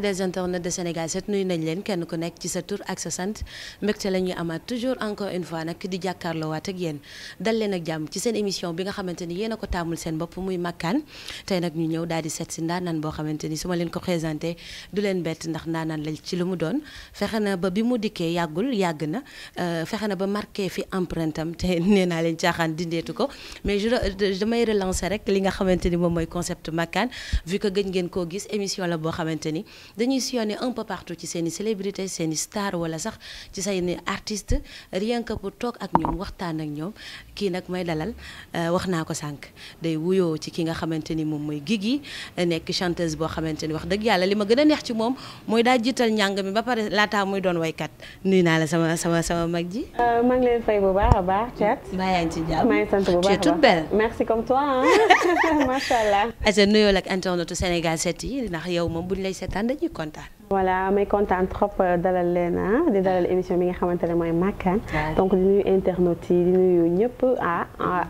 fidèles internautes de Sénégal 7 nuyu nañ leen kenn ku nekk ci sa tur ak sa sant mbégte la ñuy amaat toujours encore une fois nag di jàkkaarloowaat ak yéen dal leen ak jàmm ci seen émission bi nga xamante ni a ko taamul seen bopp muy makkaan tey nag ñu ñëw daal di si ndaanaan boo xamante su ma leen ko présenté du leen bett ndax ndaanaan la ci lu mu doon fexe na ba bi mu dikkee yàggul yàgg na euh, fexe na ba marqué fi empreinte am te leen caaxaan dindeetu dañuy sillonner un peu ci seen i célébrité seen i star wala sax ci seen artiste rien que toog ak ñoom waxtaan ak ñoom kii nag may dalal euh, wax naa ko sànq day wuyoo ci ki nga xamante ni moom mooy Guigui nekk chanteuse boo xamante ni wax dëgg yàlla li ma gën a neex ci moom mooy daa jiital njàng mi ba pare laataa muy doon waykat nuyu naa la sama sama sama mag ji. Euh, maa ngi leen fay bu baax a baax Thiat. mbaa yaa ngi ci jàmm maa ngi sant bu baax a baax tu merci comme toi macha allah. nuyoo la ak internetu Sénégal 7 yi ndax yow moom bu ñu lay seetaan dañuy kontaan. voilà may kontaan trop euh, dalal leen ah di dalal émission bi nga xamante ne mooy Makkaan. donc di nuyu internautes ñëpp ah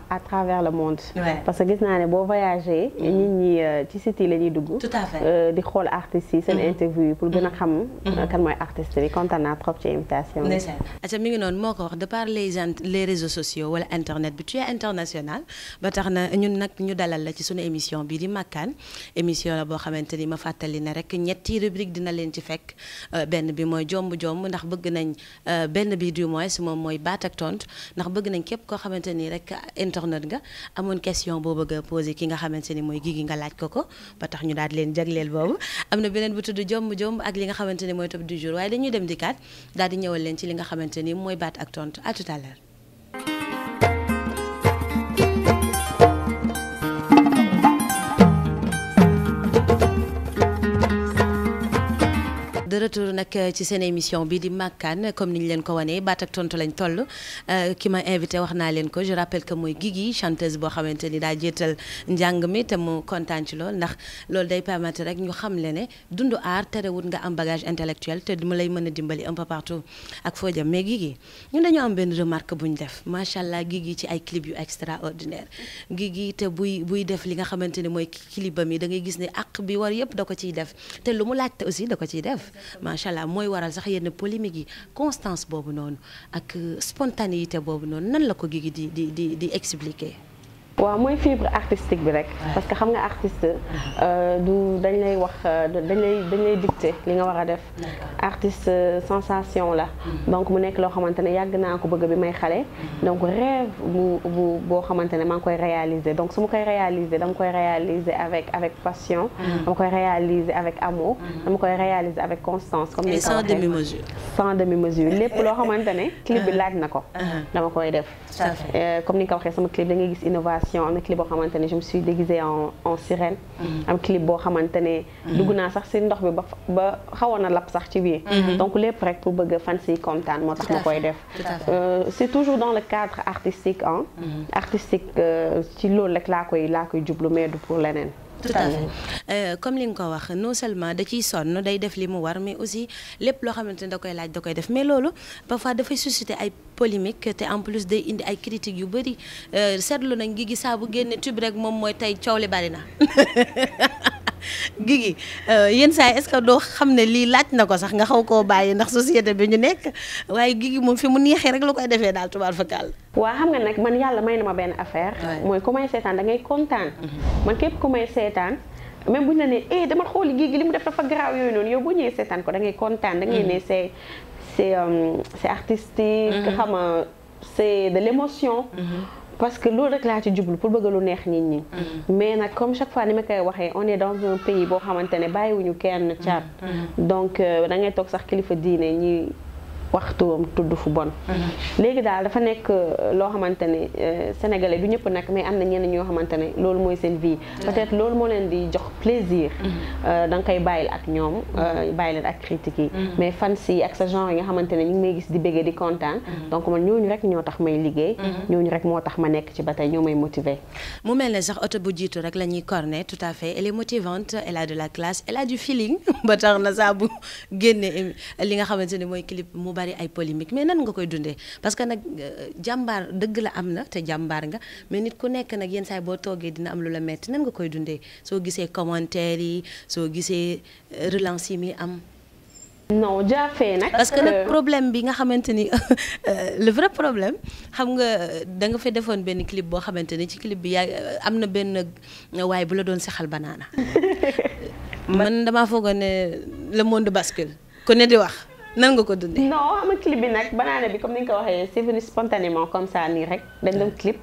à travers le monde. parce que gis naa ne boo voyagé. Mm. nit ñi euh, ci site yi la ñuy dugg. tout à fait euh, di xool artistes yi seen mm-hmm. interview yi pour gën a mm-hmm. xam. Mm-hmm. kan mooy artiste bi kontaan naa trop ci invitation bi. aca mi ngi noonu moo ko wax de par les les réseaux sociaux wala internet bi tu es international ba tax na ñun nag ñu dalal la ci sunu émission bi di Makkaan émission boo xamante ni ma fàttali ne rek ñetti rubrique dina leen. ci fekk euh, benn bi mooy jomb jomb ndax bëgg nañ euh, benn bi du moins moom mooy baat ak tont ndax bëgg nañ képp ko xamante ni rek internet nga amoon question boo bëgg pose ki nga xamante ni mooy Guigui nga laaj ko ko ba tax ñu daal di leen jagleel boobu am na beneen bu tudd jomb jomb ak li nga xamante ni mooy top du jour waaye dañuy dem di kaat daal di ñëwal leen ci li nga xamante ni mooy baat ak tontu à tout à retour nag euh, ci seen émission bi di Makkaan comme ni ñu leen ko wanee baat ak tontu lañ toll euh, ki ma invité wax naa leen ko je rappelle que mooy Guigui chanteuse boo xamante ni daa jéetal njàng mi te kontaan ci lool ndax loolu day permettre rek ñu xam le ne dundu aar nga am bagage intellectuel te mu lay mën a dimbali un peu partout ak foo jëm mais ñu ñun ñu am benn remarque bu ñu def macha allah Guigui ci ay clip yu extraordinaire gii te buy buy def li nga xamante ni mooy clip am yi dangay gis ni ak bi war yëpp da ko ciy def te lu mu laajte aussi da ko ciy def macha allah mooy waral sax yenn polémique yi constance boobu noonu ak spontanéité boobu noonu nan la ko Guigui di di di di expliquer. waaw mooy fibre artistique bi rek parce que xam nga artiste euh, du dañ lay wax euh, dañ lay dañ lay li nga war a def artiste euh, sensation la mm-hmm. donc mu nekk loo xamante ne yàgg naa ko bëgg bi may xale mm-hmm. donc rêve bu boo xamante ne maa ngi koy réaliser donc su ma koy réaliser dama koy réaliser avec avec passion mm-hmm. dama koy réaliser avec amour dama koy réaliser avec constance comme ni sans demi mesure sans demi lépp loo xamante ne clip bi uh-huh. laaj na ko uh-huh. dama koy def comme ni nga ko waxee sama clip inspiration am na clip boo xamante ne je me suis déguisée en en sirène. Mm-hmm. am clip boo xamante ne. Mm-hmm. dugg naa sax si ndox bi ba ba xawoon na lap sax ci biir. Mm-hmm. donc lépp rek pour bëgg fans yi kontaan moo tax ma koy def. Euh, c' est toujours dans le cadre artistique ah. artistique euh, ci loolu rek laa koy laa koy jublu mais du pour leneen. Euh, comme li nga ko wax no seulement da ciy sonn day def li mu war mais aussi lépp loo xamante ni da koy laaj da koy def mais loolu parfois dafay susciter ay polémique te en plus day indi ay critiques yu bëri euh, seetlu nañ ngi gis saa bu génne tube rek moom mooy tey coow li bari na Guigui euh, yenn saa yi est-ce que doo xam ne lii laaj na ko sax nga xaw koo bàyyi ndax société bi ñu nekk waaye Guigui moom fi mu neexee rek la koy defee daal tubaab fakal waa xam nga nag man yàlla may na ma benn affaire mooy ku may seetaan da ngay kontaan mhm. man képp ku may seetaan même bu ñu la nee eh dama xooli Guigui li mu def fa garaaw yooyu noonu yow boo ñëwee seetaan ko da ngay kontaan da ngay mhm. ne c'est c'est euh, c'est artistique mhm. xam nga de l'émotion parce que loolu rek laa ci jublu pour bëgg lu neex nit ñi. Mm. mais nag comme chaque fa ni ma koy waxee on est dans un pays boo xamante ne bàyyiwuñu kenn caat. Mm. Mm. donc euh, da ngay toog sax kilifa diine ñi. waxtuwam tudd fu bon. Mhm. léegi daal dafa nekk euh, loo xamante ne euh, sénégalais du ñëpp nag mais am na ñenn ñoo xamante ne loolu mooy seen vie. peut-être loolu moo leen di jox plaisir. Mhm. Euh, da nga koy bàyyil ak ñoom bàyyi ak critiques yi. Mhm. mais fans ak sa genre yi nga xamante ne ñu ngi may gis di bëggee di kontaan. donc man ñooñu rek ñoo tax may liggéey. ñooñu rek moo tax ma nekk ci ba tey ñoo may motiver. mu mel ne sax oto jiitu rek la cornet tout à fait elle est motivante a de a du bari ay polémique mais nan nga koy dundee parce que nag euh, jàmbaar dëgg la am na te jàmbaar nga mais nit ku nekk nag yenn saay boo toogee dina am lu la metti nan nga koy dundee soo gisee commentaire yi soo gisee euh, relance yi muy am. non jaafee nag. parce que nag euh, problème bi nga xamante ni le vrai problème xam nga danga nga fa defoon benn clip boo xamante ni ci clip bi yaa am na benn waaye bu la doon saxal banaana. man damaa foogoon ne le monde bascule ku ne di wax. nan nga ko dundee. non xam nga clip bi nag banaana bi comme ni nga ko waxee c'est venu spontanément comme ça nii rek dañ doon clip.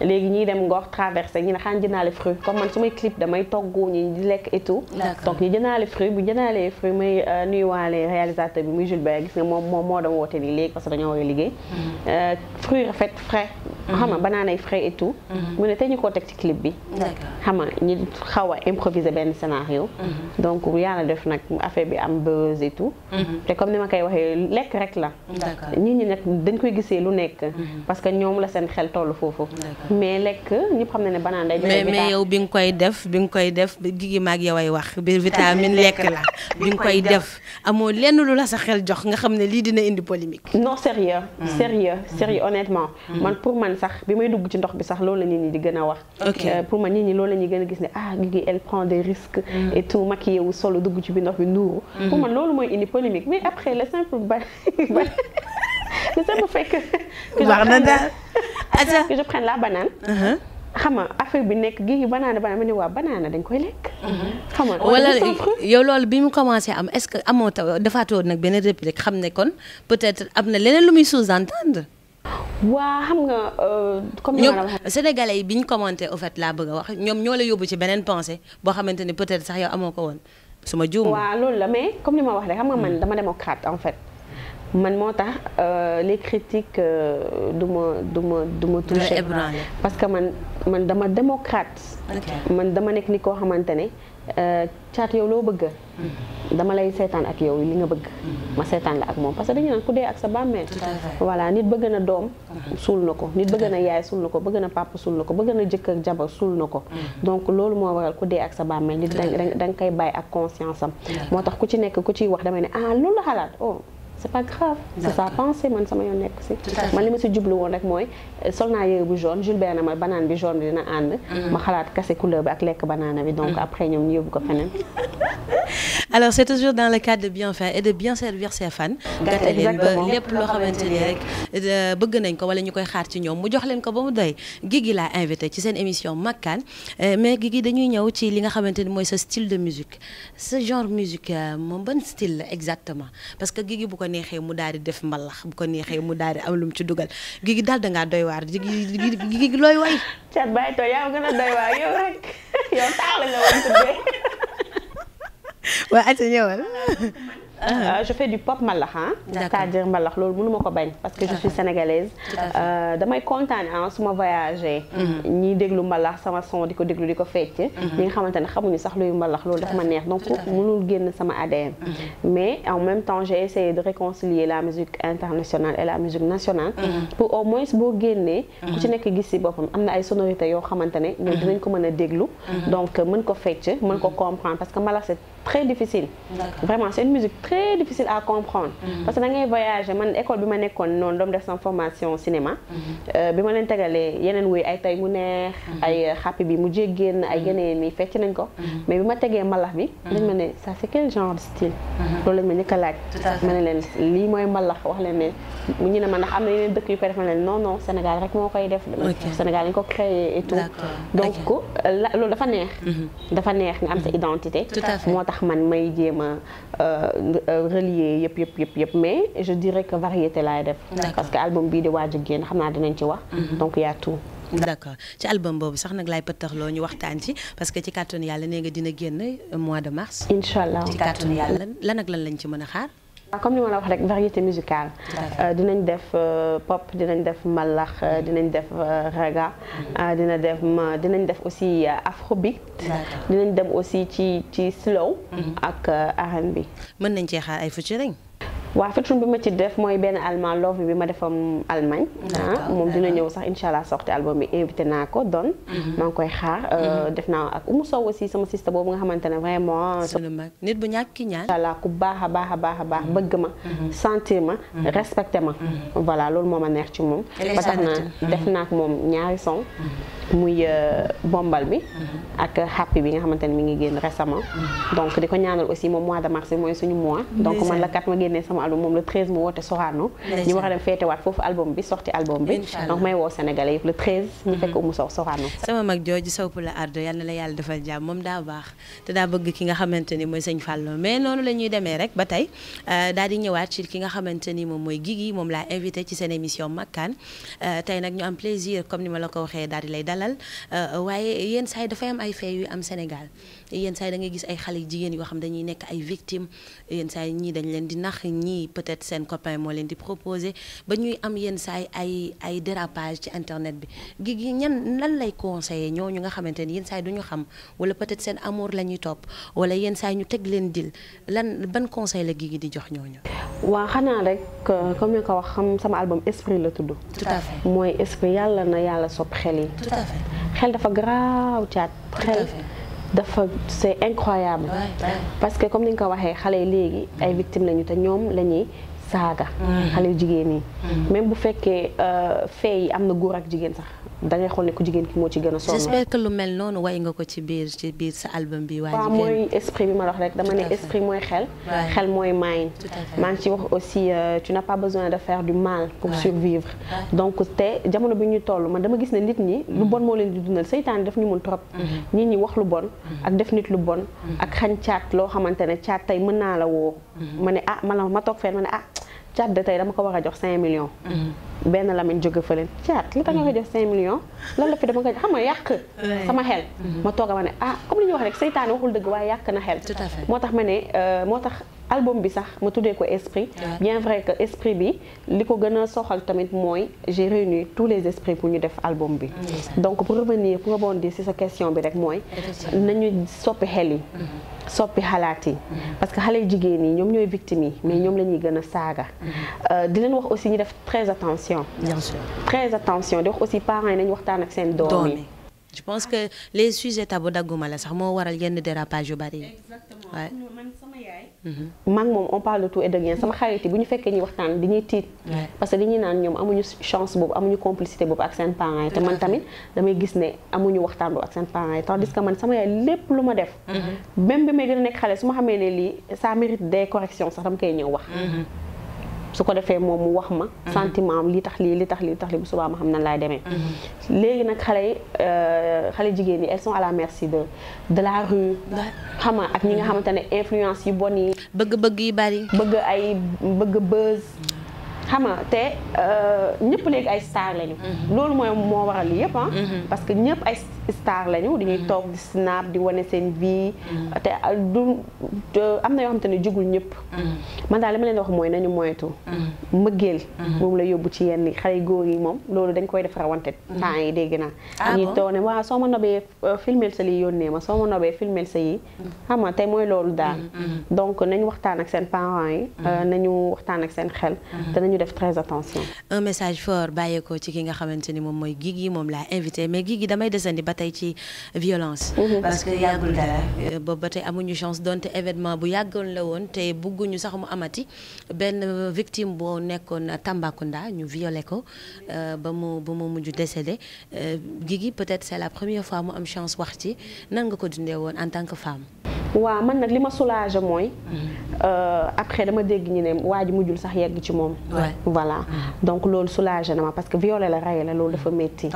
léegi ñuy dem Ngor traversé ñu ne xaan jëndaale fruit comme man su may clip damay togg ñi di lekk et tout donc ñu jëndaale fruit bu jëndaalee fruit may euh, nuyuwaale réalisateur bi muy Jules Baye gis nga moom moo dama woote nii léegi parce que dañoo war a liggéey mm-hmm. euh, fruit rafet frais mm-hmm. xam nga banaan ay frais et mm-hmm. mu ne te ñu koo teg ci clip bi xam nga ñu xaw a improviser benn scénario donc yàlla def nag affaire bi am buzz et te comme ni ma koy waxee lekk rek la nit ñi nag dañ koy gisee lu nekk parce que ñoom la seen xel toll foofu mais lekk ñëpp xam na ne banaan day mais bi nga koy def bi nga koy def gigi maag yow ay wax bi vitamine lekk la bi nga koy def amoo lenn lu la sa xel jox nga xam ne lii dina indi polémique non sérieux hmm. sérieux sérieux hmm. honnêtement hmm. man pour man sax bi may dugg ci ndox bi sax loolu la nit di gën a wax euh, pour man nit ñi la ñuy gën a gis ne ah gigi elle prend des risques et tout maquillé solo dugg ci bi ndox bi nuuru pour man loolu mooy indi polémique mais après le simple ba le simple fait c'est que je prends la banaan uh-huh. xam nga affaire bi nekk gi banana banana ma ne waa banana dañ koy lekk. Uh-huh. xam nga wala yow loolu bi mu commencé am est-ce que amoo taw dafaatoo nag benn réplique xam ne kon peut-être am na leneen lu muy sous-entendre. waa xam nga euh, comme ni ma la waxee sénégalais yi bi ñu commenté au laa bëgg a wax ñoom ñoo la yóbbu ci beneen pensée boo xamante ni peut-être sax yow amoo ko woon su ma juum. waaw loolu la mais comme ni ma wax rek xam nga man dama démocrate en fait. man moo tax euh, les critiques euh, du ma du ma du ma touché parce que man man dama démocrate man dama nekk ni koo xamante ne euh, caat yow loo bëgg mm-hmm. dama lay seetaan ak yow li nga bëgg mm-hmm. ma seetaan la ak moom parce que dañu naan ku dee ak sa bàmmeel voilà nit bëgg na doom mm-hmm. suul na ko nit bëgg na yaay suul na ko bëgg na papa suul na ko bëgg na jëkkër jabar suul na ko donc loolu moo waral ku dee ak sa bàmmeel nit da nga koy bàyyi ak conscience am moo tax ku ci nekk ku ciy wax damay ne ah loolu la c'est pas grave c'est sa pensée man sama yoon nekk si man li ma si jublu woon rek mooy sol naa yére bu jaune Jules Berne ma banaan bi jaune bi dina ànd mm-hmm. ma xalaat kase couleur bi ak lekk banaana bi donc mm-hmm. après ñoom ñu yóbbu ko feneen alors c'est toujours dans le cadre de bien faire et de bien servir ses fans. gàtte ba lépp loo xamante ni rek euh, bëgg nañ ko wala ñu koy xaar ci ñoom mu jox leen ko ba mu doy Guigui laa invité ci seen émission Makkaan euh, mais Guigui dañuy ñëw ci li nga xamante ni mooy sa style de musique ce genre musique euh, moom ban style la exactement parce que Guigui bu ko neexee mu daal di def mbalax bu ko neexee mu daal di am lu mu ci dugal Guigui daal da ngaa doy waar Guigui Guigui looy way. Thiat Baye Toya waaw Aïcha ñëwal. Euh, euh, je fais du pop mbalax ah. dire mbalax loolu mënu ma ko bañ. parce que je suis sénégalaise. Euh, damay kontaan ah su ma voyagé. Mhm. ñiy déglu mbalax sama son di ko déglu di ko fecc. Mhm. ñi nga xamante ne xamuñu sax luy mbalax loolu daf ma neex donc mënul génn sama ADN. Mhm. mais en même temps j'ai essayé de réconcilier la musique internationale et la musique nationale. pour au moins boo génnee. ku ci nekk gis si boppam am na ay sonorité yoo xamante ne ñoom dinañ ko mën a déglu. donc mën ko fecc mën ko comprendre parce que mbalax c'est très difficile. vraiment c' est une musique très difficile à comprendre. Mhm. parce que da voyager man école bi ma nekkoon noonu doom def sama formation cinéma. Mhm. Euh, bi ma leen tegalee yeneen wuy ay tay mu neex. Mhm. ay xàppi bi mu jéggéen ay yeneen yi fecc nañ ko. mais bi ma tegee mbalax bi. dañ ma ne sa c' est quel genre de style. loolu lañ ma njëkk laaj. ma ne leen lii mooy mbalax wax leen ne mu ñu ne ma ndax am na yeneen dëkk yu koy def ma ne leen non non Sénégal rek moo koy def. s lañ ko créé et dafa neex. dafa neex nga am sa identité. man may jéem a euh, euh, relier yëpp yëpp yëpp yëpp mais je dirais que variété laay def. parce que album bii di waa a génn xam naa dinañ ci wax. Mhm. donc yaa tu tout. d'accord ci album boobu sax nag laay loo ñu waxtaan ci parce que ci kàttanu yàlla nee nga dina génn mois de mars. incha allah ci kàttanu yàlla lan ak lan lañ ci mën a xaar. comme ni ma la wax rek variété musicale. Euh, dinañ def euh, pop dinañ def mbalax euh, mm-hmm. dinañ def raga. Mm-hmm. dina def dinañ def aussi afrobeat. dinañ dem aussi ci ci slow. Mm-hmm. ak R&B. mën nañ cee xaar ay featuring waaw featuring bi ma ci def mooy benn allemand love bi ma defam Allemagne ah moom dina ñëw sax incha allah sorti album bi invité naa ko don mhm. maa ngi koy xaar euh, mhm. def naa ak Oumou Sow aussi sama sista boobu nga xamante ne vraiment nit bu ñàkk ki ñaan voilà ku baax a baax a baax a baax mhm. bëgg ma sentir ma respecté ma voilà loolu moom ma neex ci moom ba tax na def naa ak moom ñaari son muy euh, bombal bi ak happy bi nga xamante ne ngi génn récemment donc di ko ñaanal aussi moom mois de mars mooy suñu mois donc man la 4 ma génnee sama album moom le 13 mu a dem feetewaat foofu album bi sorti album bi donc may woo Sénégalais yëpp le 13 fekk umu sow Sorano sama mag jooju sow la ardo na la yàlla defal jàmm moom daa baax te daa bëgg ki nga xamante ni mooy sëñ Fallou mais noonu la ñuy demee rek ba tey euh, daal di ñëwaat ci ki nga xamante moom mooy Guigui moom laa invité ci seen émission Makkaan euh, tey nag ñu am plaisir comme ni dalal euh, waaye yenn saa yi dafay am ay fee yu am Sénégal yenn saa yi da ngay gis ay xale yu jigéen yoo xam dañuy nekk ay victimes yenn saa ñii dañ leen di nax ñii peut-être seen copain moo leen di proposer ba ñuy am yenn saay ay ay dérapage ci internet bi gi gi ñan lan lay conseiller ñooñu nga xamante ni yenn saay duñu xam wala peut-être seen amour la ñuy topp wala yenn saa ñu teg leen dil lan ban conseil la gi gi di jox ñooñu waa xanaa rek euh, comme ni ko wax xam sama album esprit la tudd. mooy esprit yàlla na yàlla sopp xel yi. xel dafa garaaw caat. xel dafa c'est incroyable. parce que comme ni nga ko waxee xale yi léegi ay mm. victimes lañu te ñoom lañuy saaga. Mm. xale yu jigéen yi. Mm. même bu fekkee euh, fee yi am na góor ak jigéen sax. da xool ne ku jigéen ki moo ci gën a sonn. j'espère que lu mel noonu way nga ko ci biir biir sa album bi. waaye mooy esprit bi ma wax rek dama ne esprit mooy xel. xel mooy mind. maa ngi ci wax aussi euh, tu n'as pas besoin de faire du mal pour survivre. donc te jamono bi ñu toll man dama gis ne nit ñi. lu bon moo leen di dundal seytaane daf ñu mun trop. Mm-hmm. nit ñi wax lu bon. Mm-hmm. ak def nit lu bon. Mm-hmm. ak xañ caat loo xamante ne caat tey mën naa la woo. ma ne ah ma la ma ma ne ah. caat de tey dama ko war a jox 5 millions. Mm-hmm. benn Lamine jóge fële caat li tax nga ko jox 5 millions lan la fi dama ko xam nga yàq. sama xel. Mm-hmm. ma toog a ma ne ah comme li ñuy wax rek seytaane waxul dëgg waaye yàq na xel. tout à moo tax ma ne euh, moo tax. album bi sax ma tuddee ko esprit bien vrai que esprit bi li ko gën a soxal tamit mooy j'ai réuni tous les esprits pour ñu def album bi mm. donc pour revenir pour rebondir ci sa question bi rek mooy nañu soppi xel yi mm-hmm. soppi xalaat yi mm-hmm. parce que xale jigéen yi ñoom ñooy victimes yi mais ñoom la ñuy gën a saaga mm-hmm. euh, di leen wax aussi ñu def très attention très attention di wax aussi parents yi nañu waxtaan ak seen doom yi je pense que les sujets tabu dagguma la sax moo waral yenn dérapage yu bari yi. exactement man sama yaay. Mhm. maag moom on parle tout et de rien sama xarit bu ñu fekkee ñuy waxtaan dañuy tiit. parce que dañuy naan ñoom amuñu chance boobu amuñu complicité boobu ak seen parents yi te man tamit damay gis ne amuñu waxtaan boobu ak seen parents yi tandis que man sama yaay lépp lu ma def. Mhm. même bi may gën a nekk xale su ma xamee ne lii ça mérite des corrections sax dama koy ñëw wax. Mhm. su ko defee moom mu wax ma mhm. sentiment li tax lii li tax lii li tax lii bu subaa ma xam nan laay demee mhm. léegi nag xale yi euh, xale jigéen yi elles à la merci de de la rue xama ak ñi nga mhm. xamante ne influence yu bon yi bëgg bëgg yi bari bëgg ay bëgg buzz xam nga te euh, ñëpp léegi ay star lañu. Mm-hmm. loolu mooy moo waral yëpp ah. Mm-hmm. parce que ñëpp ay star lañu. dañuy mm-hmm. toog di snap di wane seen vie. te euh, du am na yoo xamante ne jugul ñëpp. man daal li ma leen wax mooy nañu moytu. mbëggeel. moom la yóbbu ci yenn xale góor yi moom loolu dañ koy def rawante. temps yi dégg naa. Ah dañuy toog ne waaw soo ma nobee euh, filmeel sa lii yónnee ma soo ma nobee filmeel sa yi. xam nga te mooy loolu daal. donc nañu waxtaan ak seen parents yi. nañu waxtaan ak seen xel. ñu def très attention. message fort bàyyeekoo ci ki nga xamante ni moom mooy giig Guigui moom laa invité mais Guigui damay desandi ba tey ci violence. Mhm. parce que yàggul dara. boobu ba tey amuñu chance donte événement bu yàggoon la woon te bugguñu sax mu amati benn victime boo nekkoon Tambacounda ñu violé ko euh, ba mu ba mu mujj décédé euh, Guigui peut-être c'est la première fois mu am chance wax ci nan nga ko dundee woon en tant que femme. waaw man nag li ma soulagé mooy. Mm-hmm. Euh, après dama dégg ñu ne waa ji mujjul sax yegg ci moom. voilà mm-hmm. donc loolu soulagé na ma parce que violé la rey la loolu dafa métti.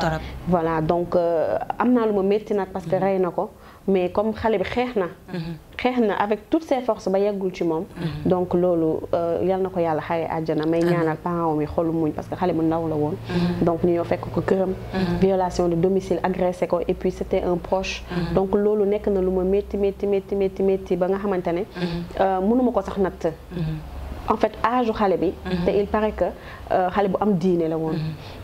voilà donc euh, am naa lu ma métti nag parce que mm-hmm. rey na ko. mais comme xale bi xeex na. Mhm. xeex na avec toutes ses forces ba yeggul ci moom. Mhm. donc loolu euh, yal na ko yàlla xare àjjana may mhm. ñaanal parents mi xolu muñ parce que xale bu ndaw la woon. donc ñu ñëw ko këram. violation de domicile agressé ko et puis c'était un proche. donc loolu nekk na lu ma métti métti métti métti métti ba nga xamante ne. Euh, mënuma ko sax natt. en fait âge xale bi. te il paraît que euh, xale bu am diine la woon.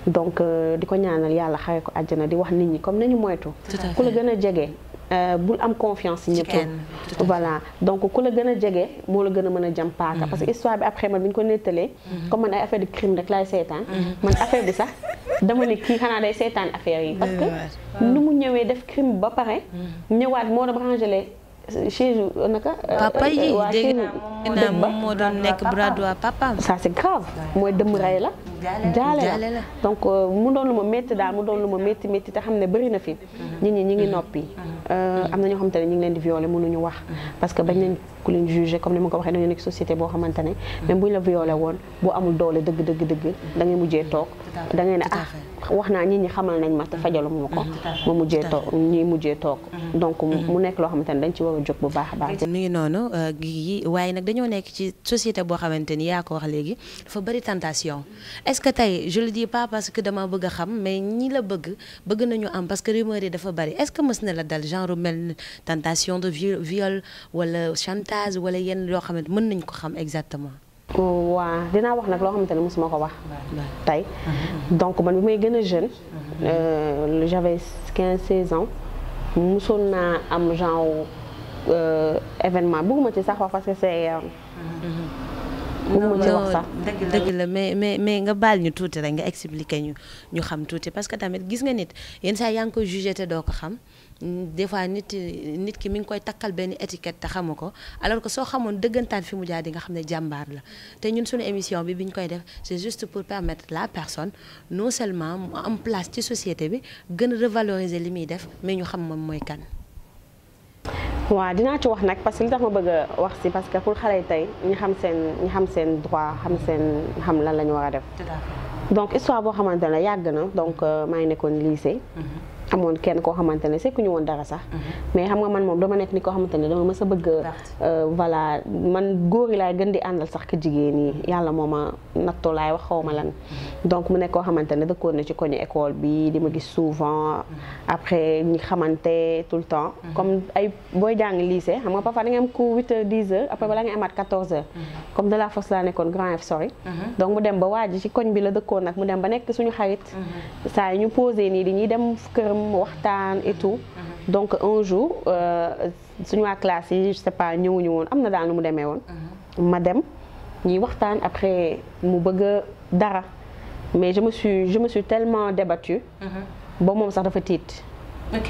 donc di ko ñaanal yàlla xare ko àjjana di wax nit ñi comme nañu moytu. ku la gën a jege. Euh, bul am confiance ñëpp voilà donc ku la gën a jege moo la gën a mën a jam paaka mm-hmm. parce que histoire bi après man bi ñu ko nettalee mm-hmm. comme man ay affaire de crime rek laay seetaan mm-hmm. man affaire bi sax dama ne kii xanaa day seetaan affaire yi parce que nu mu ñëwee def crime ba pare ñëwaat moo dem rangelé Chine naka. papa yi dégg naa moom moo doon nekk bras droit papaam. ça c'est grave mooy dëmm rey la. jaale la donc euh, mu doon lu ma métti daal mu doon lu ma métti métti te xam ne bëri na fi. Mhm. nit ñi ñi ngi noppi. Mhm. Euh, am na ñoo xamante ne ñu ngi leen di violer mënuñu wax. Mhm. parce que bañ nañ ku leen jugé comme ni ma ko waxee dañoo nekk société boo xamante ne. même buñ la violer woon boo amul doole dëgg dëgg dëgg. da ngay mujjee toog da ngay ne ah. wax naa ñi ñi xamal nañ ma te fajaluma ko ma mm-hmm. mujjee toog ñi mujjee toog mm-hmm. donc mu mm-hmm. nekk loo xamante ne dañ ci war a jóg bu baax a baax ngi noonu euh, gi waaye nag dañoo nekk ci société boo xamante ni yaa ko wax léegi dafa bëri tentation est-ce que tey je le dis pas parce que dama bëgg xam mais ñi la bëgg bëgg nañu am parce que rumeur yi dafa bari est-ce que mës na la dal genre mel tentation de viole wala chantage wala yenn yoo xamante mën nañ ko xam exactement waa dinaa wax nag loo xamante ne mosuma ko wax tey uh-huh. donc man bi may gën a jeune uh-huh. euh, j'avais quinze seize ans mosoon naa am genre euh, événement bëgguma ci sax wax parce que c'est euh, uh-huh. bëgguma ci wax sax dëgg la mais mais mais nga baal ñu tuuti rek nga expliquer ñu ñu xam tuuti parce que tamit gis nga nit yenn saa yaa ngi koy jugé te doo ko xam des fois nit nit ki mi ngi koy takkal benn étiquette te xamu ko alors que soo xamoon dëggantaan fi mu jaar di nga xam ne jàmbaar la te ñun suñu émission bi bi ñu koy def c'est juste pour permettre la personne non seulement mu am place ci société bi gën a revaloriser li muy def mais ñu xam moom mooy kan. waaw dinaa ci wax nag parce que li tax ma bëgg a wax si parce que pour xale yi tey ñu xam seen ñu xam seen xam seen xam lan la ñu war a def. donc histoire boo xamante ne yàgg na donc euh, maa ngi nekkoon lycée. Mm-hmm. amoon kenn koo xamante ne sekkuñu woon dara sax. Mhm. mais xam nga man moom dama nekk ni koo xamante dama mës a bëgg a. Euh, voilà man góor yi laay gën di àndal sax ka jigéen yi yàlla moo ma nattoo laay wax xaw ma lan. Mhm. donc mu nekk koo xamante ne dëkkoon na ci koñu école bi di ma gis souvent. Mhm. après ñi xamante tout le temps. comme ay booy jàng lycée xam nga parfois da nga am cours huit heures dix heures après balaa nga amaat la force laa nekkoon grand F sori. donc mu dem ba waaj ci koñ bi la dëkkoon nag mu dem ba nekk suñu xarit. saa yi ñu posé nii dañuy dem këram. dem waxtaan et tout. Mhm. donc un jour euh, suñu waa classe yi je sais pas ñëwuñu woon am na daal nu mu demee woon. Mhm. ma dem ñuy waxtaan après mu bëgg dara mais je me suis je me suis tellement débattue. Mhm. ba moom sax dafa tiit. ok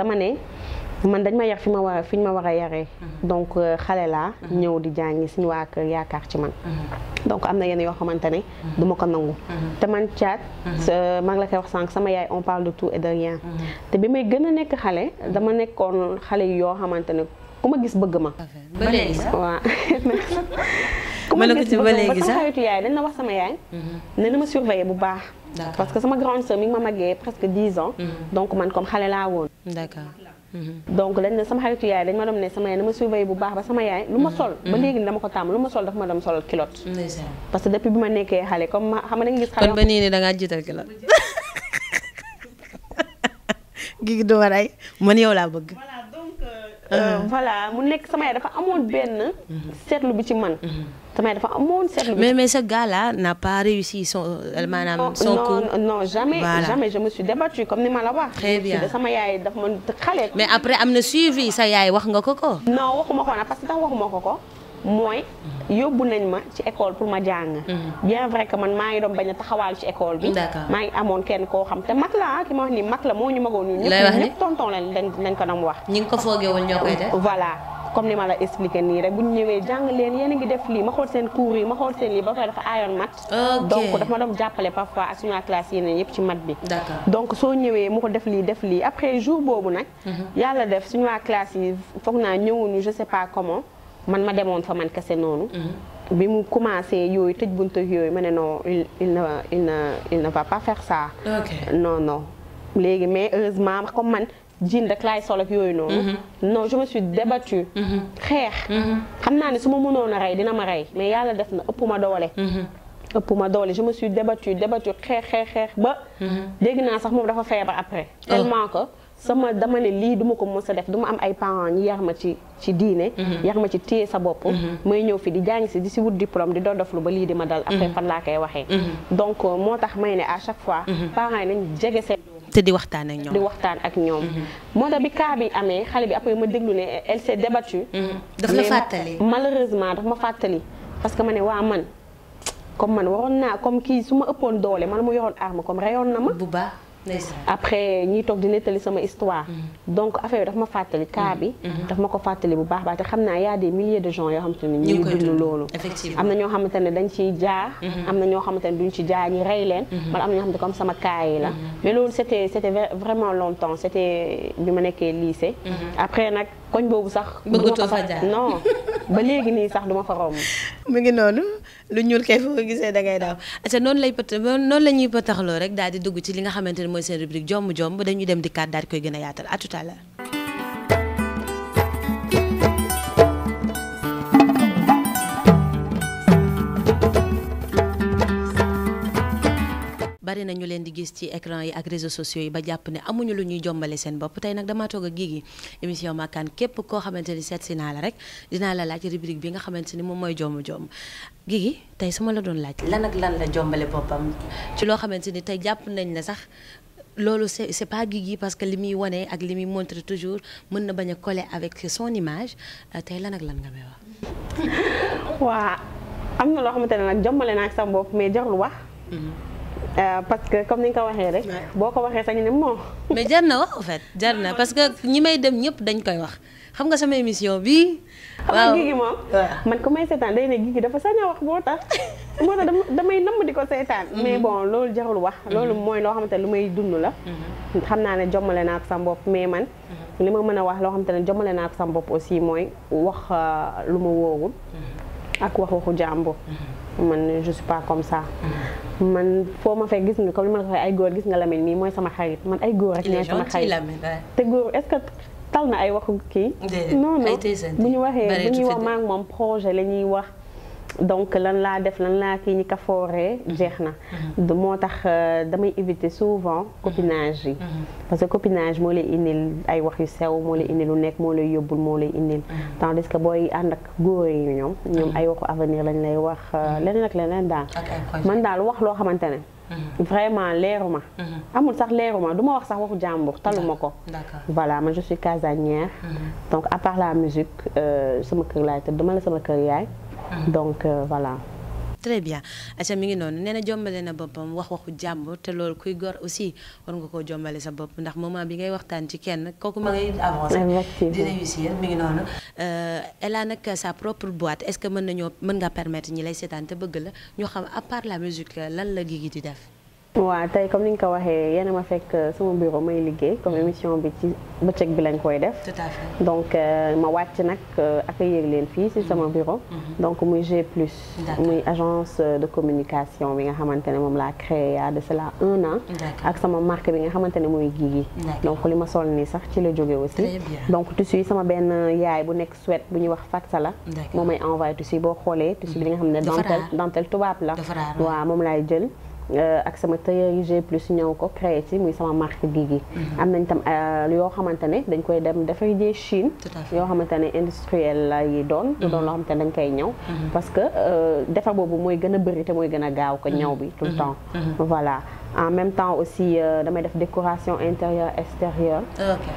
dama ne. man dañ ma yar fi ma war fi ñu ma war a yaree. Mhm. donc euh, xale laa. Mhm. ñëw di jàngi suñu waa yaakaar ci man. Mhm. donc am na yenn yoo xamante ne. du ko nangu. te man caat. maa ngi la koy wax sànq sama yaay on parle de tout et de rien. te bi may gën a nekk xale dama nekkoon xale yoo xamante ne ku ma gis bëgg ma. ba léegi ma ne ko ci ba léegi sax xaritu yaay dañ la wax sama yaay. ne na ma surveiller bu baax. parce que sama grande sœur mi ma màggee presque dix ans. donc man comme xale laa woon. d'accord. Mm-hmm. donc lañ ne sama xaritu yaay dañ ma doon ne sama yaay na ma surveiller bu baax ba sama yaay lu ma sol mm-hmm. ba léegi dama ko tàmm lu ma sol dafa ma doon solal kilote parce que depuis bi ma nekkee xale comme xam nga gis xale kon ba nii ni da ngaa jiital kilote gigi du ma rey man yow laa bëgg voilà euh, ah. euh, mu nekk sama yaay dafa amoon benn mm-hmm. seetlu bi ci man damay dafa amoon seetlu. mais mais ce gars là n'a pas réussi son euh, maanaam. son non jamais jamais je comme ni ma la wax. très bien sama yaay daf ma mais après am na suivi sa yaay wax nga ko ko. non waxuma ko nag parce que tax waxuma ko ko. mooy yóbbu nañ ma ci école pour ma jàng. Mm-hmm. bien vrai que man maa ngi doon bañ a taxawaalu ci école bi. maa ngi amoon kenn koo xam te mag la ah, ki ma wax ni mag la moo ñu magoon ñun ñëpp ñëpp tonton lañ lañ ko wax. ñi nga ko foogewul ñoo koy def voilà. comme ni ma la expliqué nii rek bu ñu ñëwee jàng leen yéen ngi def lii ma xool seen cours ma xool seen lii ba pare dafa aayoon mat. donc daf ma doon jàppale parfois ak suñu classe yeneen yëpp ci mat bi. donc soo ñëwee mu ko def lii def lii après jour boobu nag. Mm-hmm. yàlla def suñu classe yi foog naa ñëwuñu je sais man ma demoon fa man kese noonu. Mhm. bi mu commencé yooyu tëj bunt yooyu ma ne non il il ne il ne il ne va pas faire ça. ok non léegi mais heureusement comme man. jean rek laay solo ak yooyu noonu. Mhm. non je me suis débattue. Mhm. xeex. xam naa ne su ma mënoon a rey dina ma rey mais yàlla def na ëpp ma doole. ëpp ma doole je me suis débattue débattue xeex xeex xeex ba. dégg naa sax moom dafa feebar après. Oh. tellement que. sama dama ne lii duma ko mos a def duma am ay parents ñi yar ma ci ci diine mhm. yar ma ci téye sa bopp mhm. may ñëw fii di jàngi si di si wut diplôme di lu ba lii di ma dal après mhm. fan laa koy waxee donc euh, moo tax may ne à chaque fois parents yi nañ jege seen te di waxtaan ak ñoom di waxtaan ak ñoom. moo tax bi kaa bi amee xale bi après ma déglu ne elle s'est daf la fàttali malheureusement daf ma fàttali. parce que ma ne waa man comme man waroon naa comme kii su ma ëppoon doole man mu yoroon arme comme reyoon na ma bu baax. après ñiy toog di nettali sama histoire mm. donc affaire daf ma fàttali cas mm. bi mm-hmm. daf ma ko fàttali bu baax baax te xam naa y a des milliers de gens yoo xamante ne ñu ngi loolu am na ñoo xamante ne dañ ciy jaar mm-hmm. am na ñoo xamante ne duñ ci jaar ñi rey leen mm-hmm. wala am na ñoo xamante comme sama cas la mais loolu c'était c'était vraiment longtemps c'était bi ma nekkee lycée après nag koñ boobu sax. bëggatoo fa jaar non ba léegi nii sax duma fa romb. mu ngi noonu lu ñuul kay fu ko gisee da ngay daaw acca noonu lay pët noonu la ñuy pëtaxloo daal di dugg ci li nga xamante ne mooy seen rubrique jomb jomb dañuy dem di kaat daal di koy gën a yaatal à tout bari na ñu leen di gis ci écran yi ak réseaux sociaux yi ba jàpp ne amuñu lu ñuy jombale seen bopp tey nag damaa toog ak Guigui émission Makane képp koo xamante ni seet si naa la rek dinaa la laaj rubrique bi nga xamante ni moom mooy jomb jomb Guigui tey su ma la doon laaj lan ak lan la jombale boppam ci loo xamante ni tey jàpp nañ ne sax loolu c'est c'est pas Guigui parce que li muy wane li muy montre toujours mën na bañ a coller avec son image euh, tey lan ak lan nga may wax. waa am na loo naa ak sama bopp mais jarul wax. Mm-hmm. Euh, parce que comme ni nga ko waxee rek. boo ko waxee sax ñu ne moo. mais jar na wax en fait jar na parce que ñi may dem ñëpp dañ koy wax xam nga sama émission bi waaw xam nga Guigui moom. man ku may seetaan day ne Guigui dafa sañ a wax boo tax. moo tax damay namm di ko seetaan. Mhm. mais bon loolu jarul wax. Mhm. loolu mooy loo xamante ne lu may dund la. Mhm. xam naa ne jommale naa ko sama bopp mais man. li ma mën a wax loo xamante ne jommale naa ko sama bopp aussi mooy wax euh, lu ma wóorul. ak wax waxu jàmbur. man je suis pas comme ça. man foo ma fekk gis nga comme la ko waxee ay góor gis nga Lamine nii mooy sama xarit man ay góor rek. ñooy sama xarit te góor est-ce que tal na ay waxu kii. non non bu ñu bu ñuy wax maa ngi moom projet la ñuy wax. donc lan laa def lan laa kii ñi ka fooree mhm. jeex na. Mhm. moo tax euh, damay éviter souvent mhm. copinage yi. parce que copinage moo lay ay wax yu sew moo lay indil lu nekk moo lay yóbbul moo lay indil. tandis que booy ànd ak góor yi ñoom. ñoom ay waxu avenir lañ lay wax euh, leneen ak leneen daal. man daal wax loo xamante ne. vraiment leeruma amul sax du ma wax sax waxu jàmbur taluma ko voilà ma je suis casanière donc à part la musique euh, sama kër laay tëdd dama la sama kër yaay Mm-hmm. donc euh, voilà. très bien aca mi ngi noonu nee na jombale na boppam wax waxu jàmbur te loolu kuy gor aussi war nga koo jombale sa bopp ndax moment bi ngay waxtaan ci kenn kooku ma ngay avancé di réussir mi ngi noonu euh, elle a nag sa propre boîte est-ce que mën nañoo mën nga permettre ñi lay seetaan te bëgg la ñu xam à part la musique lan la gii di def waaw tey comme ni nga ko waxee yéen a ma fekk euh, sama bureau may liggéey comme mm. émission bi ci bëccëg bi lañ koy def. donc euh, ma wàcc nag euh, accueillir leen fii si sama mm-hmm. bureau. Mm-hmm. donc muy G plus. muy agence de communication bi nga xamante ne moom laa créé il a de cela un an. ak sama marque bi nga xamante ne mooy Guigui. donc li ma sol nii sax ci la jóge aussi. donc tissu yi sama benn yaay bu nekk Suède bu ñuy wax Fatsa la. moom may envoyé tissu boo xoolee. tissu bi mm-hmm. nga xam ne dentelle dentelle tubaab la. waaw moom laay jël. Euh, ak sama tailleur yi plus ñëw ko créé ci muy sama marque Guigui mhm. am nañ tam euh, yoo xamante ne dañ koy dem dafay jee Chine yoo xamante ne industriel la yi doon du mhm. doon loo xamante ne dañ koy ñëw mhm. parce que euh, defar boobu mooy gën a bëri te mooy gën a gaaw ko ñaw bi tout le temps voilà en même temps aussi euh, damay def décoration intérieure extérieure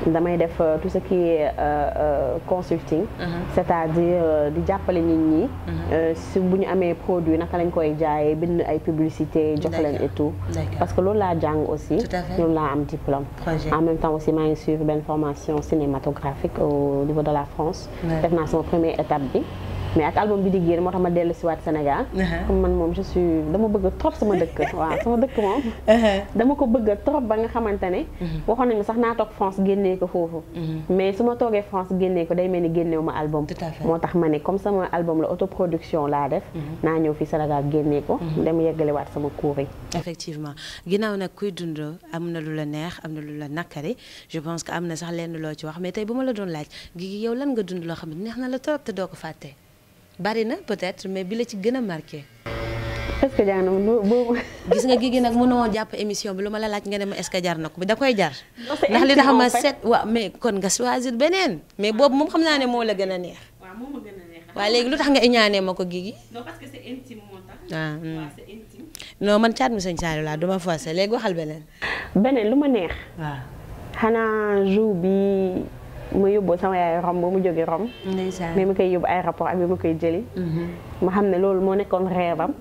damay def euh, tout ce qui est euh, consulting mhm. c'est-à-dire di jàppale nit ñi mhm. si bu ñu amee produit naka lañ koy jaayee bind ay publicité jox leen et tout parce que loolu laa jàng aussi loolu laa am diplôme en même temps aussi maa ngi suivre benn formation cinématographique au niveau de la France def naa sama première étape bi mais ak album bi di génn moo tax ma dellu si waat Sénégal uh-huh. man moom je dama bëgg trop sama dëkk waaw sama dëkk moom uh-huh. dama ko bëgg trop ba nga xamante ne uh-huh. waxoon nañu sax naa toog France génnee ko foofu mais su toogee France génnee ko day mel ni génneewu ma album moo tax ma ne comme sama album la autoproduction laa def naa ñëw fi Sénégal génnee ko dem yeggale waat sama cours yi effectivement ginnaaw nag kuy dund am na lu la neex am na lu la nakari je pense que am na sax lenn loo ci wax mais tey bu ma la doon laaj gi yow lan nga dund loo xam ne neex na la trop te doo ko fàtte bari na peut-être mais bi la ci gën a marqué. est-ce que jaar na boobu. gis nga Guigui nag mënoo jàpp émission bi lu ma la laaj nga dem ma est-ce que jar na ko bi da koy jar. ndax li tax ma set waaw mais kon nga choisir beneen. mais boobu moom xam naa ne moo la gën a neex. waaw a neex. léegi lu tax nga ñaanee ma ko Guigui. non parce que c'est ah, hmm. man caat mi sëñ Saliou laa du ma léegi waxal beneen. beneen lu ma neex. waa xanaa jour bi. ma yóbboo sama yaay Rome ba mu jógee Rome. ndeysaan mais ma koy yóbbu aéroport ak bi mu koy jëli. Mhm. ma xam ne loolu moo nekkoon rêve am.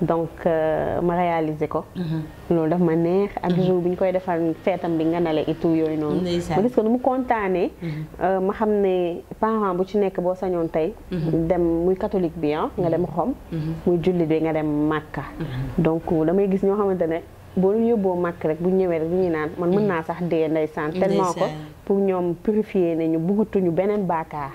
donc euh, ma réaliser ko. Mhm. loolu daf ma neex ak mhm. jour bu ñu koy defal feetam bi nga nale et tout yooyu noonu. ma gis ko nu mu kontaanee. Euh, ma xam ne parent bu ci nekk boo sañoon tey. dem muy catholique bi ah, nga dem Rome. muy jullit bi nga dem Màkka. donc damay gis ñoo xamante ne. boo yóbboo màkk rek bu ñëwee rek bu ñuy naan man mën naa sax dee ndeysaan mm. tellement ko pour ñoom purifier nañu bëggatuñu beneen baakaar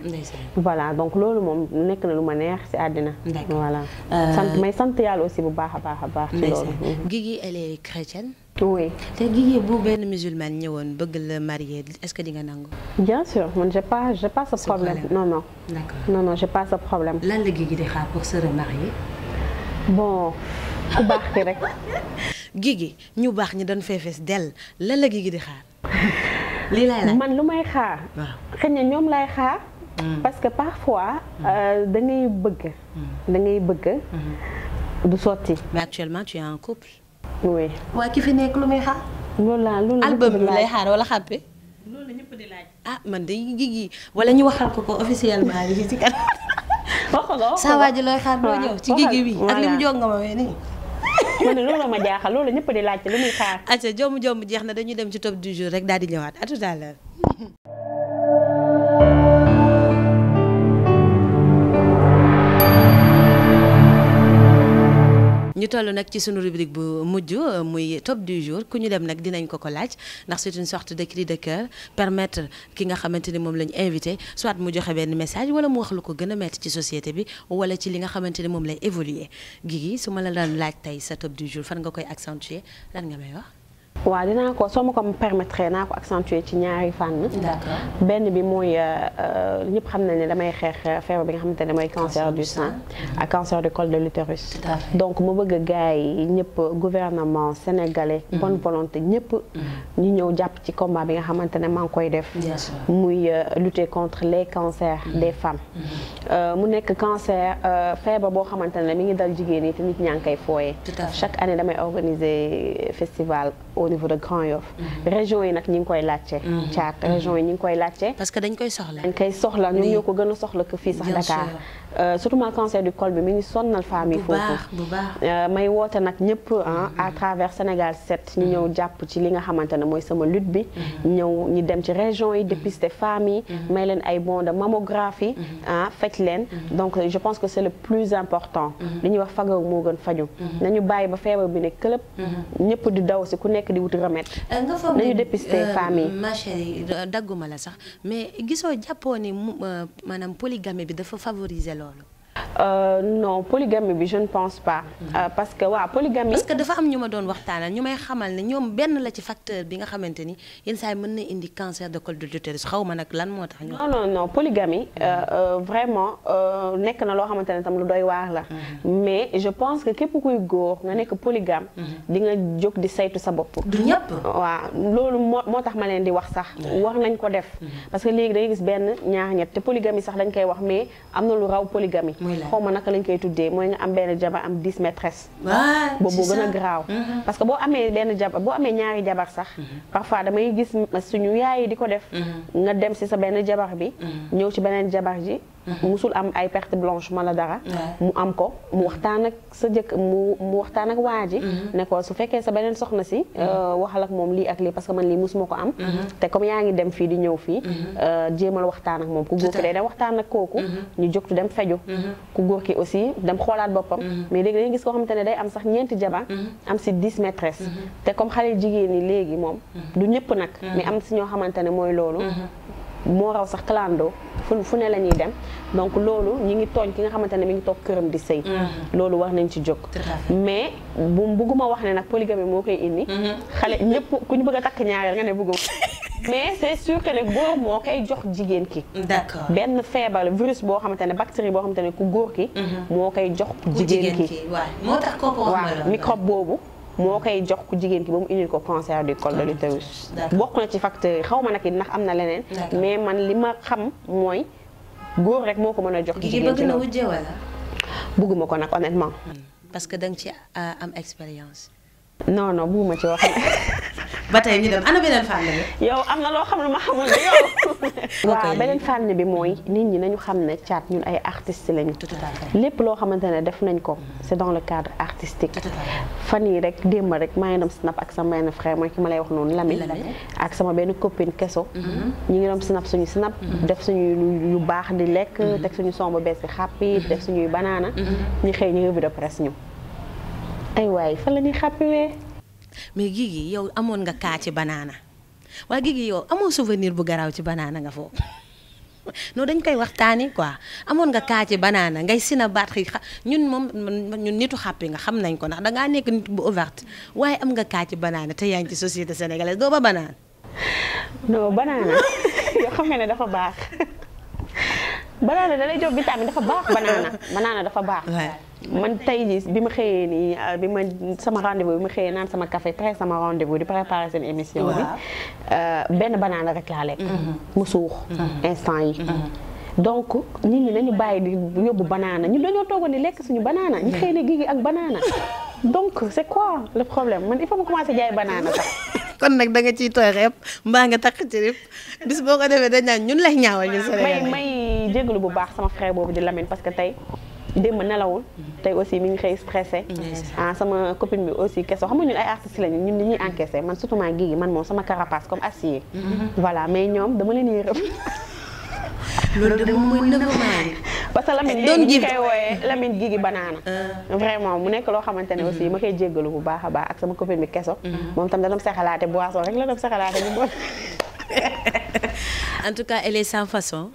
voilà donc loolu moom nekk na lu ma neex ci àddina voilà euh, sant may sant yàlla aussi bu baax a baax a baax ci loolu mm-hmm. Guigui elle est chrétienne oui te Guigui bu benn musulman ñëwoon bëgg la marier est-ce que di nga nangu bien sûr man j'ai pas j'ai pas ce problème non non non non pas ce problème lan la Guigui di xaar pour se remarier bon ku Guigui ñu baax ñu dañ fee dell lan la Guigui di xaar. lii lay la man lu may xaar. waaw ñoom lay xaar. Hmm. parce que parfois da hmm. bëgg. Euh, da ngay bëgg. Hmm. du sotti. mais actuellement tu en couple. waaye ki fi nekk lu muy xaar. loolu la loolu la lay xaar wala xàppe. loolu la ñëpp di laaj. ah man de Guigui wala ñu waxal ko ko officiellement yi ci kanam. saa waay looy xaar doo ñëw ci Guigui bi ak li mu nga ma wee nii. ma ne loolu ma jaaxal loolu ñëpp di laajte lu muy xaar. acca jomb jomb jeex na dañuy dem ci top du jour rek daal di ñëwaat à tout ñu toll nag ci sunu rubrique bu mujj euh, muy top du jour ku ñu dem nag dinañ ko ko laaj ndax c'est une sorte de cri de cœur permettre ki nga xamante ni moom lañ invité soit mu joxe benn message wala mu wax lu ko gën a ci société bi wala ci li nga xamante ni moom lay évoluer Guigui su ma la daan laaj tey sa top du jour fan nga koy accentuer lan nga may wax. waaw dinaa ko soo ma ko permettre naa ko accentuer ci ñaari fànn. benn bi mooy euh, euh, ñëpp xam nañ ne damay xeex euh, feebar bi nga xamante ne mooy cancer du sein ak cancer du col de l'utérus donc ma bëgg gars yi ñëpp gouvernement sénégalais. Mm. bonne volonté ñëpp. Mm. ñu ñëw jàpp ci combat bi nga xamante ne maa ngi koy def. muy lutter contre les cancers mm. des femmes. mu nekk cancer feebar boo xamante ne mi ngi dal jigéen yi te nit ñaa ngi koy fooyee. chaque année damay organiser festival. au niveau de Grand Yoff. Mhm. région yi nag ñi ngi koy laajte. caat mhm. région yi ñi ngi koy laajte. parce que dañ koy soxla. dañ koy soxla ñun ñoo ko gën a soxla que fii sax Dakar. Euh, surtout ma cancer du col bi mi ngi sonnal famille foofu euh, may woote nag ñëpp à travers Sénégal set ñu mm-hmm. ñëw jàpp ci li nga xamante ne mooy sama lutte bi mm-hmm. ñëw ñu dem ci région yi mm-hmm. dépister famille may leen ay bon de mammographie ah faj leen donc je pense que c'est le plus important li ñu wax fagaw moo gën na ñu bàyyi ba feebar bi ne këlëb ñëpp di daw si ku nekk di wuti remède euh, nañu dépister famille ma chérie dagguma la sax mais gisoo jàppoo ni maanaam polygamie bi dafa favoriser loolu euh, non polygamie bi je ne pense pas. Euh, parce que waaw polygamie. parce que dafa am ñu ma doon waxtaanal ñu may xamal ne ñoom benn la ci facteur bi nga xamante ni yenn saa yi mën na indi cancer de col de l'utérus xaw ma nag lan moo tax. non non non polygamie euh, euh, vraiment euh, nekk na loo xamante ne tam lu doy waar la. Mm-hmm. mais je pense que képp kuy góor nga nekk polygame. Mm-hmm. di nga jóg di saytu sa bopp. du ñëpp waaw loolu moo moo tax ma leen di wax sax. Mm-hmm. war nañ ko def. parce que léegi da gis benn ñaar ñett te polygamie sax dañ koy wax mais am na lu raw polygamie. xaw ma naka lañ koy tuddee mooy nga am benn jabar am dix maîtresse boobu gën a graaw mm-hmm. parce que boo amee benn jabar boo amee ñaari jabar sax mm-hmm. parfois damay gis suñu yaay yi di ko def mm-hmm. nga dem si sa benn jabar bi ñëw ci beneen jabar ji Mm-hmm. musul am ay perte blanche ma la dara. mu am ko mu waxtaan ak sa jëkk mu mu waxtaan ak waa ji. Mm-hmm. ne ko su fekkee sa beneen soxna si. Mm-hmm. Euh, waxal ak moom lii ak lii parce que man lii musuma ko am. te comme yaa ngi dem fii di ñëw fii. Euh, jéemal waxtaan ak moom ku góor ki dem waxtaan ak kooku. ñu jóg dem feju ku góor ki aussi dem xoolaat boppam. mais léegi dañuy gis koo xamante ne day am sax ñeenti jabar. am si dix maîtresses. te comme xale jigéen ñi léegi moom. du ñëpp nag. mais am si ñoo xamante ne mooy loolu. moo raw sax clando fu fu ne la ñuy dem donc loolu ñu ngi tooñ ki nga xamante ne mi ngi toog këram di sëy mm-hmm. loolu war nañ ci jóg mais bu bugguma wax ne nag polygamie moo koy indi mm-hmm. xale ñëpp ku ñu bëgg a takk ñaareel nga ne bugguma mais c' est sûr que ne góor moo koy jox jigéen ki. d' benn feebar virus boo xamante ne bactérie boo xamante ne ku góor ki. Mm-hmm. moo koy jox jigéen ki. waaw microbe boobu. moo koy jox ku jigéen ki ba mu indil ko cancer du col de l'utérus bokk na ci facteur yi xaw ma nag it ndax am na leneen mais man li ma xam mooy góor rek moo ko mën a jox ki jigéen ci loolu bëgguma ko nag honnêtement hmm. parce que danga ci euh, am expérience non non bëgguma ci wax ba tey ñu dem ana beneen fànn bi. yow am na loo xam lu ma xamul yow. waaw beneen fànn bi mooy nit ñi nañu xam ne caat ñun ay artistes lañu. tout lépp loo xamante ne def nañ ko c' est dans le cadre artistique. fan yi rek démb rek maa ngi dem snap ak sama benn frère mooy ki ma lay wax noonu Lamine. ak sama benn copine Keso. Mm-hmm. ñu ngi dem snap suñu snap. Mm-hmm. def suñu yu baax di lekk. Mm-hmm. teg suñu somb bees bi xàppi def suñuy banaana. ñu xëy ñu revue de presse ñu. ay waay fan la mais Guigui yow amoon nga kaa ci banaana waaye Guigui yow amoon souvenir bu garaaw ci banaana nga foofu non dañ koy waxtaani quoi amoon nga kaa ci banaana ngay sina baat xi ñun moom ñun nitu xàppi nga xam nañ ko ndax dangaa nekk nit bu ouverte waaye am nga kaa ci banaana te yaa ngi ci société sénégalaise doo ba banaana non banaana yoo xam ne dafa baax banaana da lay jox vitamine dafa baax banaana banaana dafa baax. man tey jii bi ma xëyee nii euh, bi ma sama rendez bi ma xëyee naan sama kafe très sama rendez di préparer seen émission bi. Euh, benn banaana rek laa lekk. Mm-hmm. mu suux mm-hmm. instant yi. Mm-hmm. donc nit ñi nañu bàyyi di yóbbu banaana ñu dañoo toogoon di lekk suñu banaana ñu xëy na gigi ak banaana. donc c'est quoi le problème man il faut ma commencer jaay banaana sax. kon nag da nga ciy tooy xeeb mbaa nga takk ci rip bis boo ko defee dañ naan ñun lay ñaawal ñu. may may jégalu bu baax sama frère boobu di Lamine parce que tey démb nelawul tey aussi mu ngi xëy stressé. ah sama copine bi aussi question xam nga ñun ay artistes lañu ñun dañuy encaissé man surtout maa ngi man moom sama carapace comme acier. Mm-hmm. voilà mais ñoom dama leen yërëm. loolu de parce que Lamine eh, léegi ñu koy wooyee Lamine Gigi Banana. Ah. vraiment mu nekk loo xamante ne aussi ma koy jéggalu bu baax a baax ak sama copine bi keso. Mm-hmm. moom tam da doon saxalaate boisson rek la doon saxalaate bu bon. en tout cas elle est sans façon.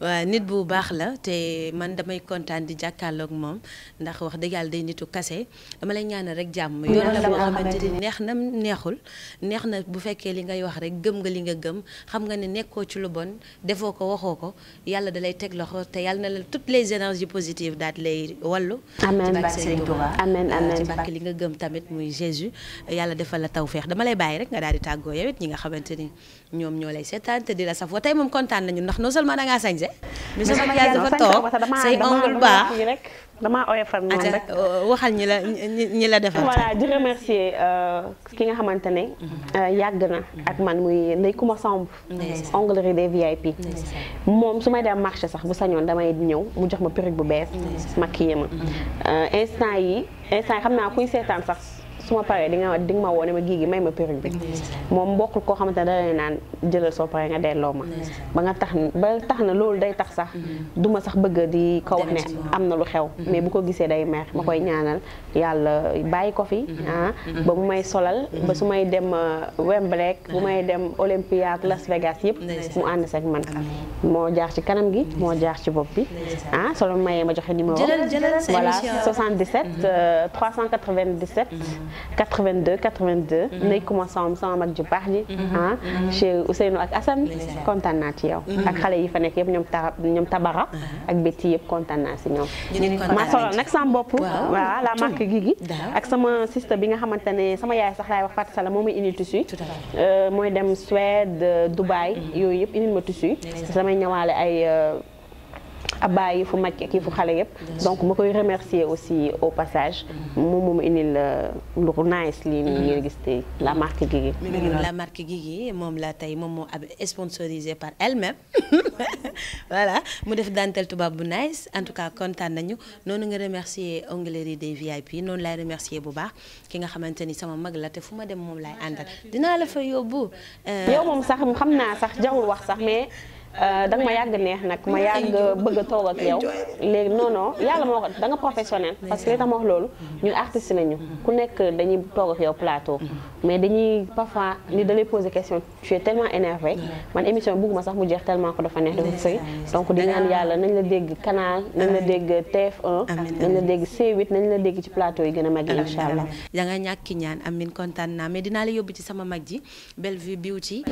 waaw nit bu baax la te man damay kontaan di jàkkaarlook moom ndax wax dëgg yàlla day nitu kase dama lay ñaanal rek jàmm yoon la boo neex na neexul neex na bu fekkee li ngay wax rek gëm nga li nga gëm xam nga ne nekkoo ci lu bon defoo ko waxoo ko yàlla da lay teg loxo te yàlla na la toutes les énergies positives daal lay wallu amiin amiin amiin ci barke li nga gëm tamit muy Jésus yàlla defal la tawféex dama lay bàyyi rek nga daal di tàggoo yow it ñi nga xamante ni ñoom ñoo lay seetaan di la safoo tey moom kontaan nañu ndax non seulement dangaa sañ maquillage mais sa maquillage dafa toog say ongle baax damaa oyofal noonu ñi la ñi la defal voilà di remercier euh, ki nga xamante ne euh, yàgg na ak man muy Ndeye Couma Samb onglerie des VIP moom su may dem marché sax bu sañoon damay ñëw mu jox ma perruque bu bees maquillé ma mm-hmm. euh, instant yi instant yi xam naa kuy seetaan sax su ma paree di nga ma woo ne ma gii gi may ma perruque bi moom bokkul koo xamante ne dana naan jëlal soo paree nga delloo ma ba nga tax ba tax na loolu day tax sax du ma sax bëgg di ko ne am na lu xew mais bu ko gisee day mer ma koy ñaanal yàlla bàyyi ko fi ah, ba mu may solal ba su may dem euh, Wembley bu may dem Olympia ak Las Vegas yëpp mu ànd sax man moo jaar ci kanam gi moo jaar ci bopp bi ah solo mayee ma joxe numéro voilà 77 397 82 82. Mhm. nay commencé am sama mag ju baax ji. Mhm. ah mhm. chez Ousseynou ak Assane. kontaan naa ci yow. ak xale yi fa nekk yëpp ñoom ta ñoom Tabara. ak bétti yëpp kontaan naa si ñoom. maa solo nag sama bopp. waaw la marque Guigui. ak sama sister bi nga xamante ne sama yaay sax laay wax Fatou la moom mooy indil tissu. Euh, mooy dem Suède Dubaï. yooyu yëpp indil ma tissu. damay ñawaale ay. Euh, abbaay yi fu mag ak yi fu xale yëpp donc moo koy remercier aussi au passage mm-hmm. moom moom indil euh, lu nice lii nii mm-hmm. ngeen gis tey la marque Guigui la marque Guigui moom la tey moom moo ab sponsorisé par elle-même voilà mu def dentelle tubaab bu nice en tout cas kontaan nañu noonu nga remercier onglerie des VIP noonu laay remercier bu baax ki nga xamante ni sama mag la te fu ma dem moom laay àndal dinaa la fa yóbbu euh, yow moom sax xam naa sax jarul wax sax mais Euh, da nga ma yàgg neex nag ma yàgg bëgg toog ak yow léegi non non yàlla moo ko da professionnel parce que li tax ma wax loolu ñun artiste lañu ku nekk dañuy toog ak yow plateau mais dañuy parfois ni da lay poser question tu énervé man émission bëgguma sax mu jeex tellement ko dafa neex dafa sëy donc di ñaan yàlla nañ la dégg canal nañ la dégg TF1 nañ la dégg c nañ la dégg ci plateau yi gën a mag yi incha allah da ñàkki ñaan amin kontaan naa dinaa la yóbbu ci sama mag ji Bellevue Beauty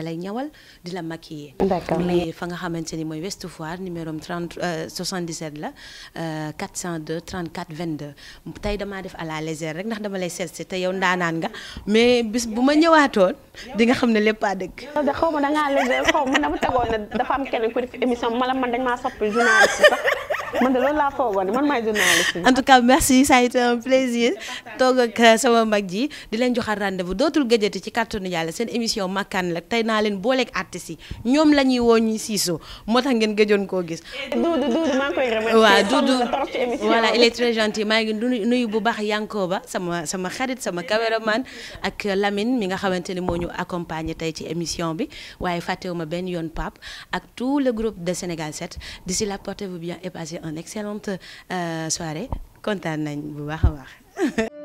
ak dalay ñawal di la maquiller. d'accord mais fa nga xamante ni mooy Ouest Foire numéro 30 77 euh, la 402 34 22 tey damaa def à la légère rek ndax dama lay seet si te yow ndaanaan nga mais bu ma ñëwaatoon di nga xam ne lépp a dëgg. xaw ma da ngaa légère xaw ma dama tegoon ne dafa am kenn ku def émission ma la man dañ maa soppi journaliste sax. man de loolu laa foogoon man maay journaliste en tout cas merci sa a été un plaisir toog euh, sama mag ji di leen joxaat rendez-vous dootul gëjati ci kàttanu yàlla seen émission makkan la tey naa leen booleeg artistes yi ñoom la ñuy woo ñuy siiso moo tax ngeen gëjoon koo gis. Eh, Doudou Doudou maa ngi koy remercier. waaw gentil maa ngi nuyu bu baax Yankoba sama sama xarit sama caméraman ak lamin mi nga xamante ni moo ñu accompagner tey ci émission bi waaye fàttewuma benn yoon Pape ak tout le groupe de Sénégal 7 d'ici là portez-vous bien une excellente euh, soirée kontaan nañ bu baax a baax